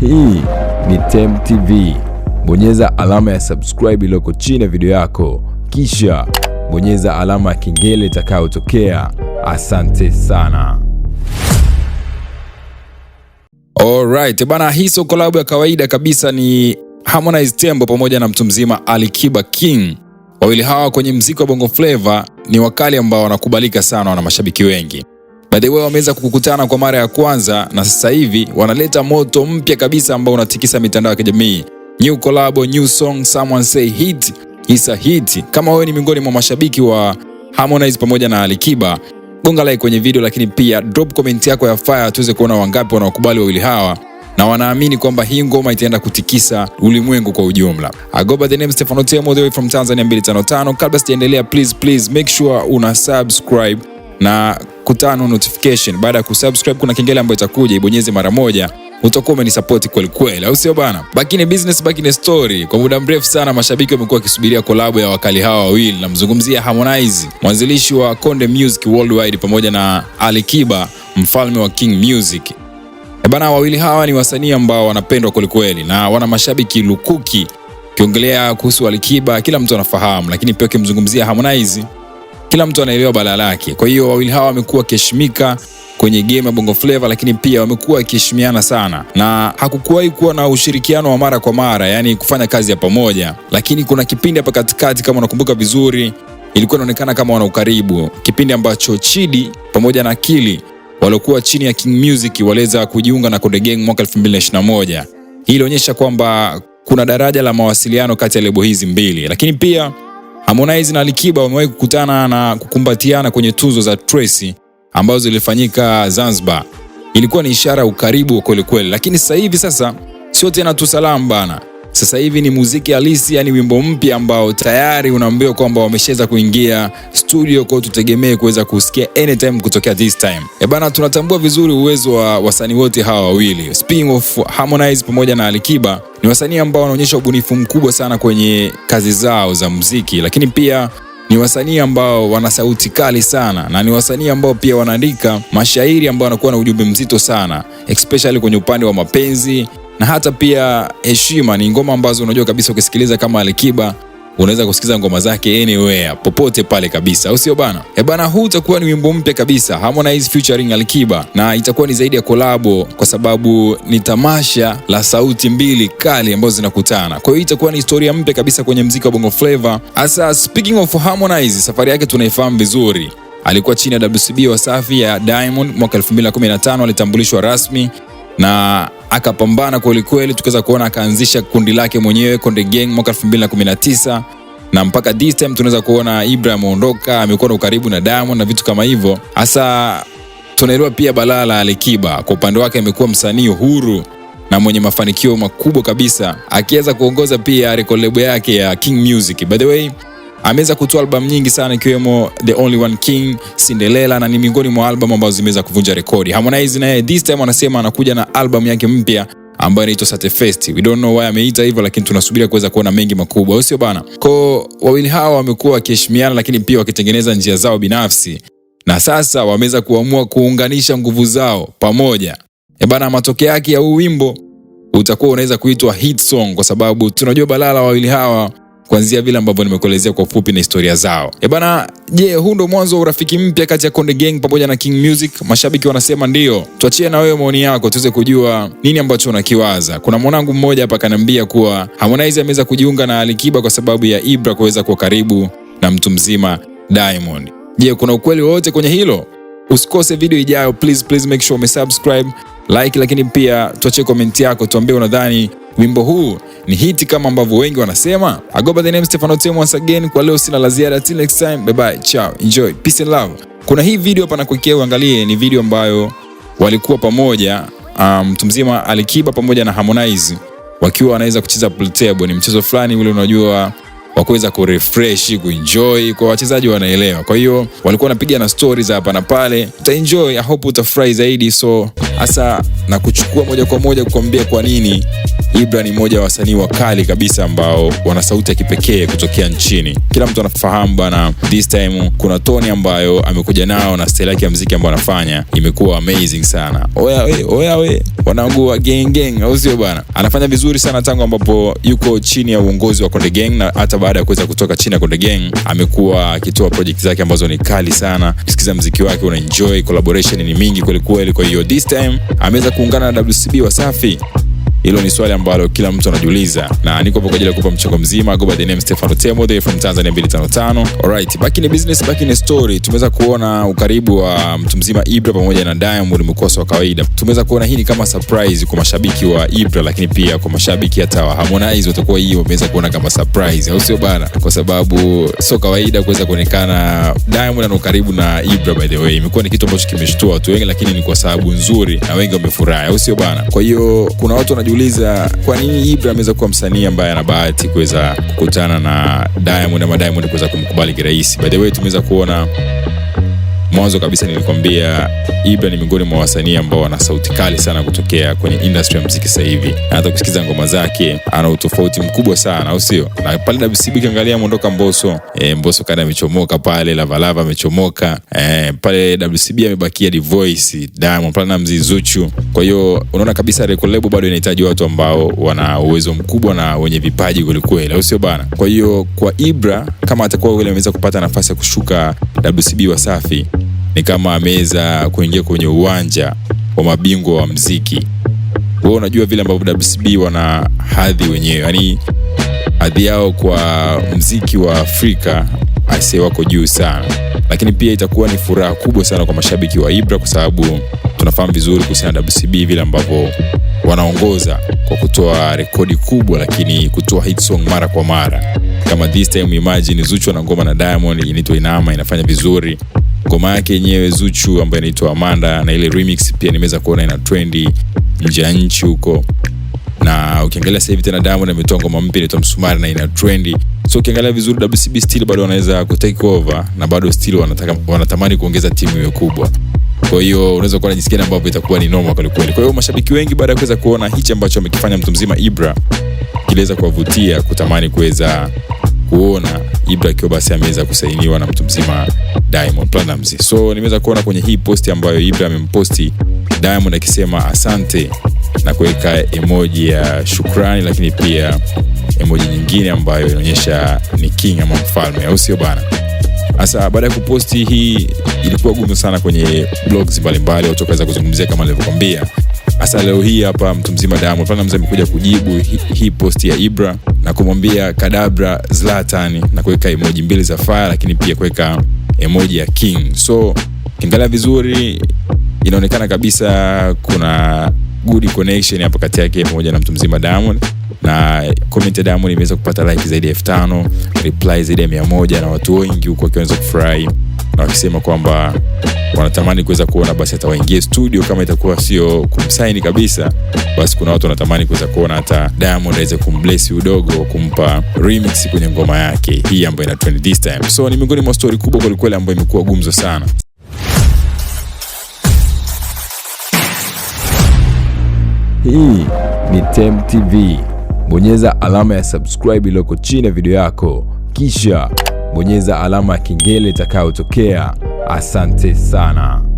Hii ni Tem TV. Bonyeza alama ya subscribe iliyoko chini ya video yako, kisha bonyeza alama ya kengele itakayotokea. Asante sana. Alright, bana, hii sio collab ya kawaida kabisa, ni Harmonize Tembo pamoja na mtu mzima Alikiba King. Wawili hawa kwenye mziki wa Bongo Flava ni wakali ambao wanakubalika sana, wana mashabiki wengi. Baadaye wameweza kukutana kwa mara ya kwanza na sasa hivi wanaleta moto mpya kabisa ambao unatikisa mitandao ya kijamii. New collab, new song, someone say hit is a hit. Kama wewe ni miongoni mwa mashabiki wa Harmonize pamoja na Alikiba, gonga like kwenye video, lakini pia drop comment yako ya fire tuweze kuona wangapi wanaokubali wawili hawa na wanaamini kwamba hii ngoma itaenda kutikisa ulimwengu kwa ujumla. I go by the name Stefano Temo, the way from Tanzania 255. Kabla sijaendelea, please please make sure una subscribe na kutano notification. Baada ya kusubscribe, kuna kengele ambayo itakuja, ibonyeze mara moja utakuwa umenisupport kweli kweli, au sio bana? Baki ni business, baki ni story. Kwa muda mrefu sana mashabiki wamekuwa wakisubiria kolabo ya wakali hawa wawili. Namzungumzia Harmonize, mwanzilishi wa Konde Music Worldwide, pamoja na Ali Kiba, mfalme wa King Music. E bana, wawili hawa ni wasanii ambao wanapendwa kweli kweli na wana mashabiki lukuki. Ukiongelea kuhusu Ali Kiba, kila mtu anafahamu, lakini pia ukimzungumzia Harmonize kila mtu anaelewa bala lake. Kwa hiyo wawili hawa wamekuwa wakiheshimika kwenye game ya Bongo Flava, lakini pia wamekuwa wakiheshimiana sana na hakukuwahi kuwa na ushirikiano wa mara kwa mara, yani kufanya kazi ya pamoja. Lakini kuna kipindi hapa katikati, kama unakumbuka vizuri, ilikuwa inaonekana kama wana ukaribu, kipindi ambacho Chidi pamoja na Akili waliokuwa chini ya King Music waliweza kujiunga na Konde Gang mwaka 2021. Hii ilionyesha kwamba kuna daraja la mawasiliano kati ya lebo hizi mbili, lakini pia Harmonize na Alikiba wamewahi kukutana na kukumbatiana kwenye tuzo za Tracy ambazo zilifanyika Zanzibar. Ilikuwa ni ishara ya ukaribu wa kweli kweli, lakini sasa hivi sasa sio tena tu salamu bana. Sasa hivi ni muziki halisi, yani wimbo mpya ambao tayari unaambiwa kwamba wameshaweza kuingia studio, kwa tutegemee kuweza kusikia anytime kutokea this time. E bana, tunatambua vizuri uwezo wa wasanii wote hawa wawili, Spin of Harmonize pamoja na Alikiba ni wasanii ambao wanaonyesha ubunifu mkubwa sana kwenye kazi zao za muziki, lakini pia ni wasanii ambao wana sauti kali sana na ni wasanii ambao pia wanaandika mashairi ambao wanakuwa na ujumbe mzito sana especially kwenye upande wa mapenzi na hata pia heshima. Ni ngoma ambazo unajua kabisa ukisikiliza kama Alikiba unaweza kusikiza ngoma zake anywhere popote pale kabisa, au sio bana? E bana, huu utakuwa ni wimbo mpya kabisa Harmonize featuring alkiba na itakuwa ni zaidi ya kolabo, kwa sababu ni tamasha la sauti mbili kali ambazo zinakutana. Kwa hiyo itakuwa ni historia mpya kabisa kwenye mziki wa Bongo Flava. Asa, speaking of Harmonize, safari yake tunaifahamu vizuri. Alikuwa chini ya WCB Wasafi ya Diamond mwaka 2015 alitambulishwa rasmi na akapambana kwelikweli, tukaweza kuona akaanzisha kundi lake mwenyewe Konde Gang mwaka 2019 na mpaka this time tunaweza kuona Ibra ameondoka, amekuwa na ukaribu na Diamond na vitu kama hivyo. Hasa tunaelewa pia balaa la Alikiba kwa upande wake, amekuwa msanii huru na mwenye mafanikio makubwa kabisa, akiweza kuongoza pia rekolebo yake ya King Music. By the way ameweza kutoa albamu nyingi sana ikiwemo The Only One King, Cinderella na ni miongoni mwa albamu ambazo zimeweza kuvunja rekodi. Harmonize naye this time anasema anakuja na albamu yake mpya ambayo inaitwa satefest We don't know why ameita hivyo, lakini tunasubiria kuweza kuona mengi makubwa, au sio bana? Kwa wawili hawa wamekuwa wakiheshimiana, lakini pia wakitengeneza njia zao binafsi, na sasa wameweza kuamua kuunganisha nguvu zao pamoja. E bana, matokeo yake ya huu wimbo utakuwa unaweza kuitwa hit song, kwa sababu tunajua balala wawili hawa kuanzia vile ambavyo nimekuelezea kwa ufupi na historia zao. Eh bana, je, huu ndo mwanzo wa urafiki mpya kati ya Konde Gang pamoja na King Music? Mashabiki wanasema ndio. Tuachie na wewe maoni yako tuweze kujua nini ambacho unakiwaza. Kuna mwanangu mmoja hapa kaniambia kuwa Harmonize ameweza kujiunga na Alikiba kwa sababu ya Ibra kuweza kuwa karibu na mtu mzima Diamond. Je, kuna ukweli wowote kwenye hilo? Usikose video ijayo, please please make sure umesubscribe, like, lakini pia tuachie komenti yako, tuambie unadhani Wimbo huu ni hiti kama ambavyo wengi wanasema. I go by the name Stefano Temu once again. Kwa leo sina la ziada, till next time, bye bye, ciao, enjoy, peace and love. Kuna hii video hapa nakuwekea uangalie, ni video ambayo walikuwa pamoja um, mtu um, mzima Alikiba pamoja na Harmonize wakiwa wanaweza kucheza pool table. Ni mchezo fulani ule unajua wa kuweza kurefresh kuenjoy, kwa wachezaji wanaelewa. Kwa hiyo walikuwa wanapiga na stories hapa na pale, utaenjoy. I hope utafurahi zaidi, so hasa na kuchukua moja kwa moja kukwambia kwa nini libra ni mmoja wa wasanii wakali kabisa ambao wana sauti ya kipekee kutokea nchini. Kila mtu anafahamu bana, this time kuna toni ambayo amekuja nao na style yake ya muziki ambayo anafanya imekuwa amazing sana. Oya we, oya we, wanangu wa Gang Gang, au sio bana? Anafanya vizuri sana tangu ambapo yuko chini ya uongozi wa Konde Gang na hata baada ya kuweza kutoka chini ya Konde Gang amekuwa akitoa project zake ambazo ni kali sana. kisikiza muziki wake una enjoy, collaboration ni mingi kwelikweli Kwa hiyo this time ameweza kuungana na WCB Wasafi hilo ni swali ambalo kila mtu anajiuliza, na niko hapo kwa ajili ya kupa mchango mzima. Go by the name Stefano Temo the from Tanzania 255. Alright, back in the business, back in the story. Tumeweza kuona ukaribu wa mtu mzima Ibra pamoja na Diamond umekuwa wa kawaida. Tumeweza kuona hii ni kama surprise kwa mashabiki wa Ibra, lakini pia kwa mashabiki hata wa Harmonize watakuwa hii wameweza kuona kama surprise, au sio bana? Kwa sababu sio kawaida kuweza kuonekana Diamond ana ukaribu na Ibra. By the way, imekuwa ni kitu ambacho kimeshtua watu wengi, lakini ni kwa sababu nzuri na wengi wamefurahi, au sio bana? Kwa hiyo kuna watu wanaju kujiuliza kwa nini Ibra ameweza kuwa msanii ambaye ana bahati kuweza kukutana na Diamond ama Diamond kuweza kumkubali kirahisi. By the way tumeweza kuona mwanzo kabisa nilikwambia Ibra ni miongoni mwa wasanii ambao wana sauti kali sana kutokea kwenye industry ya muziki sasa hivi, hata kusikiza ngoma zake ana utofauti mkubwa sana, au sio? Na pale WCB ukiangalia mondoka mboso e, eh, mboso kada amechomoka pale, Lavalava amechomoka e, pale WCB amebakia Dvoice, Diamond Platnumz, mzizuchu Kwa hiyo unaona kabisa record label bado inahitaji watu ambao wana uwezo mkubwa na wenye vipaji kwelikweli, au sio bana? Kwa hiyo kwa Ibra kama atakuwa yule ameweza kupata nafasi ya kushuka WCB Wasafi ni kama ameweza kuingia kwenye uwanja wa mabingwa wa mziki. Wewe unajua vile ambavyo WCB wana hadhi wenyewe, yaani hadhi yao kwa mziki wa Afrika aisee, wako juu sana, lakini pia itakuwa ni furaha kubwa sana kwa mashabiki wa Ibra kwa sababu tunafahamu vizuri kuhusiana na WCB vile ambavyo wanaongoza kwa kutoa rekodi kubwa, lakini kutoa hit song mara kwa mara. Kama this time imagine zuchwa na ngoma na Diamond inaitwa Inama, inafanya vizuri ngoma yake yenyewe Zuchu ambayo inaitwa Amanda, na ile remix pia nimeweza kuona ina trendi nje ya nchi huko na ukiangalia sasa hivi tena Diamond ametoa ngoma mpya inaitwa Msumari na ina trendi. So ukiangalia vizuri, WCB still bado wanaweza ku take over na bado still wanataka, wanatamani kuongeza timu hiyo kubwa. Kwa hiyo unaweza kuwa unajisikia ambavyo itakuwa ni normal kweli kweli. Kwa hiyo mashabiki wengi baada ya kuweza kuona hichi ambacho amekifanya mtu mzima Ibra, kiliweza kuwavutia kutamani kuweza kuona Ibra akiwa basi ameweza kusainiwa na mtu mzima Diamond Platnumz. So nimeweza kuona kwenye hii posti ambayo Ibra amemposti Diamond akisema asante na kuweka emoji ya shukrani, lakini pia emoji nyingine ambayo inaonyesha ni king ama mfalme, au sio bana? Sasa baada ya kuposti hii, ilikuwa gumu sana kwenye blogs mbalimbali watu wakaweza kuzungumzia kama nilivyokwambia. Sasa leo hii hapa mtu mzima Diamond Platnumz amekuja kujibu hii hi posti ya Ibra na kumwambia kadabra Zlatan na kuweka emoji mbili za fire, lakini pia kuweka emoji ya king. So kiangalia vizuri, inaonekana kabisa kuna good connection hapo kati yake pamoja na mtu mzima Diamond na comment ya Diamond imeweza kupata like zaidi ya tano reply zaidi ya 100 na watu wengi huko wakianza kufurahi na wakisema kwamba anatamani kuweza kuona basi hata waingie studio, kama itakuwa sio kumsaini kabisa, basi kuna watu wanatamani kuweza kuona hata Diamond aweze kumbless udogo, kumpa remix kwenye ngoma yake hii ambayo ina trend this time. So ni miongoni mwa story kubwa kwelikweli ambayo imekuwa gumzo sana. Hii ni temtv TV. Bonyeza alama ya subscribe iliyoko chini ya video yako kisha bonyeza alama ya kengele itakayotokea. Asante sana.